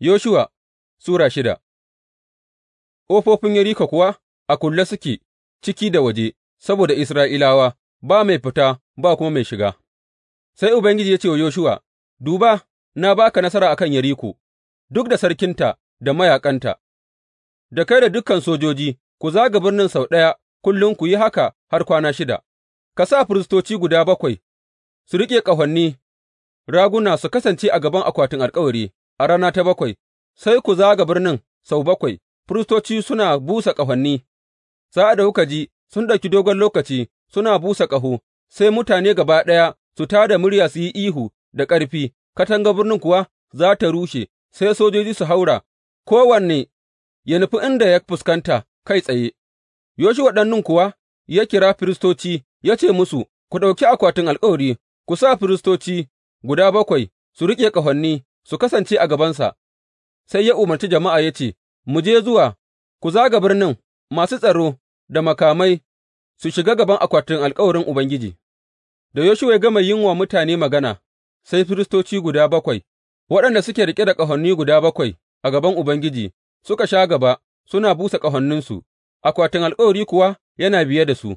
Yoshuwa Sura shida Ƙofofin Yeriko kuwa a kulle suke ciki da waje saboda Isra'ilawa, ba mai fita ba kuma mai shiga. Sai Ubangiji ya ce wa Yoshuwa, Duba, na ba ka nasara a kan Yeriko, duk da sarkinta da mayaƙanta, da kai da dukan sojoji, ku zaga birnin sau ɗaya kullum ku yi haka har kwana shida, ka sa firistoci guda bakwai su riƙe ƙahoni raguna su kasance a gaban akwatin alkawari. A rana ta bakwai sai ku zaga birnin sau bakwai, firistoci suna busa ƙahonni. sa'ad da kuka ji sun ɗauki dogon lokaci suna busa ƙaho, sai mutane gaba ɗaya su tā da murya su yi ihu da ƙarfi, Katanga birnin kuwa za tă rushe, sai sojoji su haura, kowanne ya nufi inda ya fuskanta kai tsaye. Yoshuwa ɗan kuwa ya kira firistoci ya ce musu, Ku ɗauki akwatin alkawari, ku sa firistoci guda bakwai su riƙe ƙahonni. su kasance a gabansa, sai ya umarci jama'a ya ce, Mu je zuwa, ku zaga birnin masu tsaro da makamai su shiga gaban akwatin alkawarin Ubangiji. Da Yoshuwa ya gama yin wa mutane magana, sai firistoci guda bakwai, waɗanda suke riƙe da ƙahonni guda bakwai a gaban Ubangiji, suka sha gaba suna busa ƙahoninsu, akwatin alkawari kuwa yana biye da su.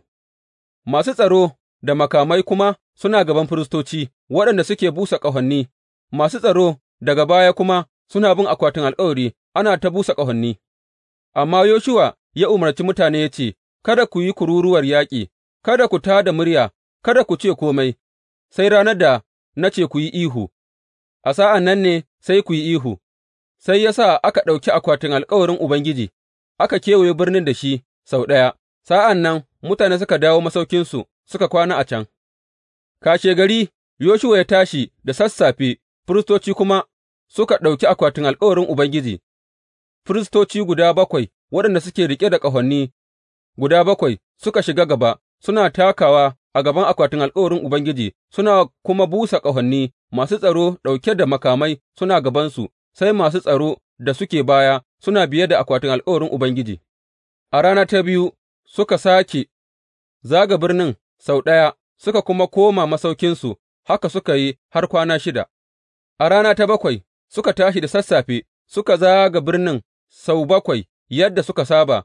Masu tsaro da makamai kuma suna gaban firistoci waɗanda suke busa ƙahonni, masu tsaro daga baya kuma suna bin akwatin alkawari ana ta busa ƙahoni. Amma Yoshuwa ya umarci mutane ya ce, Kada ku yi kururuwar yaƙi, kada ku tā da murya, kada ku ce kome, sai ranar da na ce ku yi ihu, a sa'an nan ne sai ku yi ihu, sai ya sa aka ɗauki akwatin alkawarin Ubangiji, aka kewaye birnin da shi sau ɗaya, sa'an nan mutane suka dawo masaukinsu suka kwana a can. Kashegari, Yoshuwa ya tashi da sassafe, firistoci kuma suka ɗauki akwatin alkawarin Ubangiji, firistoci guda bakwai waɗanda suke riƙe da ƙahoni guda bakwai suka shiga gaba, suna takawa a gaban akwatin alkawarin Ubangiji, suna kuma busa ƙahoni, masu tsaro ɗauke da makamai suna gabansu, sai masu tsaro da suke baya suna biye da akwatin alkawarin Ubangiji. A rana ta biyu suka sake zaga birnin sau ɗaya, suka kuma koma masaukinsu, haka suka yi har kwana shida. A rana ta bakwai Suka tashi da sassafe suka zaga birnin sau bakwai yadda suka saba,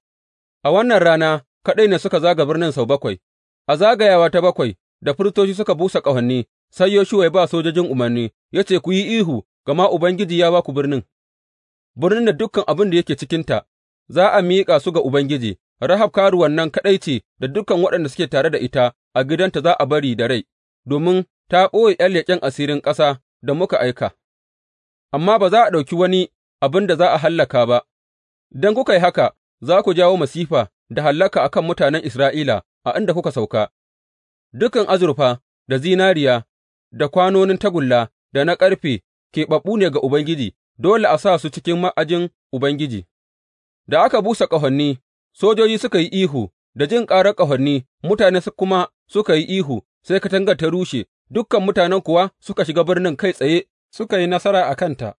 a wannan rana kaɗai ne suka zaga birnin sau bakwai, a zagayawa ta bakwai da firistoci suka busa ƙahoni, sai Yoshuwa ya ba sojojin umarni, ya ce, Ku yi ihu, gama Ubangiji ya ba ku birnin, birnin da dukkan abin da yake cikinta, za a miƙa su ga Ubangiji, Rahab karuwan nan kaɗai ce da dukkan waɗanda suke tare da ita a gidanta za a bari da rai, domin ta ɓoye ’yan leƙen asirin ƙasa da muka aika. amma ba za a ɗauki wani abin da za a hallaka ba, don kuka yi haka za ku jawo masifa da hallaka a kan mutanen Isra'ila a inda kuka sauka, dukan azurfa da zinariya da kwanonin tagulla da na ƙarfe ke keɓaɓɓu ne ga Ubangiji, dole a sa su cikin ma'ajin Ubangiji. Da aka busa ƙahonni, sojoji suka yi ihu, da jin ƙarar ƙahonni, mutane kuma suka yi ihu, sai katangar ta rushe, dukan mutanen kuwa suka shiga birnin kai tsaye suka yi nasara a kanta,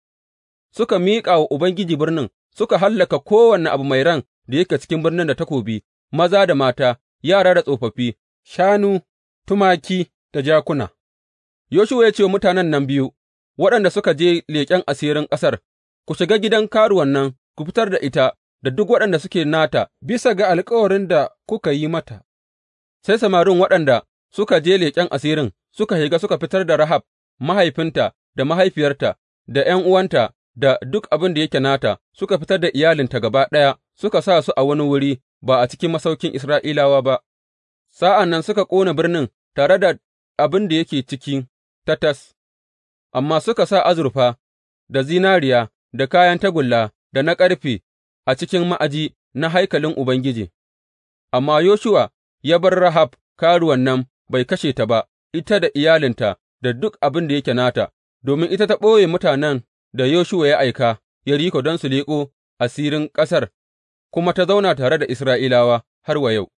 suka miƙa wa Ubangiji birnin, suka hallaka kowane abu mai ran da yake cikin birnin da takobi, maza da mata, yara da tsofaffi, shanu, tumaki da jakuna. Yoshuwa ya ce wa mutanen nan biyu, waɗanda suka je leƙen asirin ƙasar, Ku shiga gidan karuwan nan, ku fitar da ita da duk waɗanda suke nata, bisa ga alkawarin da kuka yi mata. Sai samarin waɗanda suka je leƙen asirin suka shiga suka fitar da Rahab mahaifinta da mahaifiyarta, da ’yan'uwanta, da duk abin da yake nata, suka fitar da iyalinta gaba ɗaya suka sa su a wani wuri ba a cikin masauƙin Isra'ilawa ba, sa'an nan suka ƙona birnin tare da abin da yake cikin tatas, amma suka sa azurfa da zinariya da kayan tagulla da na ƙarfe a cikin ma'aji na haikalin Ubangiji. Amma Yoshuwa ya bar Rahab karuwan nan bai kashe ta ba, ita da iyalinta da duk abin da yake nata, domin ita ta ɓoye mutanen da Yoshuwa ya aika Yeriko don su leƙo asirin ƙasar, kuma ta zauna tare da Isra'ilawa har wa yau.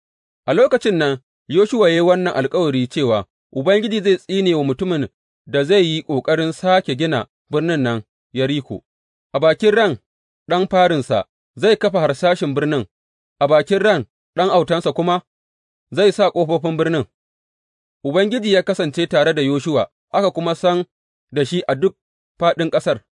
A lokacin nan, Yoshuwa ya yi wannan alkawari cewa Ubangiji zai tsine wa mutumin da zai yi ƙoƙarin sake gina birnin nan Yeriko, a bakin ran ɗan farinsa zai kafa harsashin birnin, a bakin ran ɗan autansa kuma zai sa ƙofofin birnin. Ubangiji ya kasance tare da Yoshuwa aka kuma san da shi a duk fāɗin ƙasar.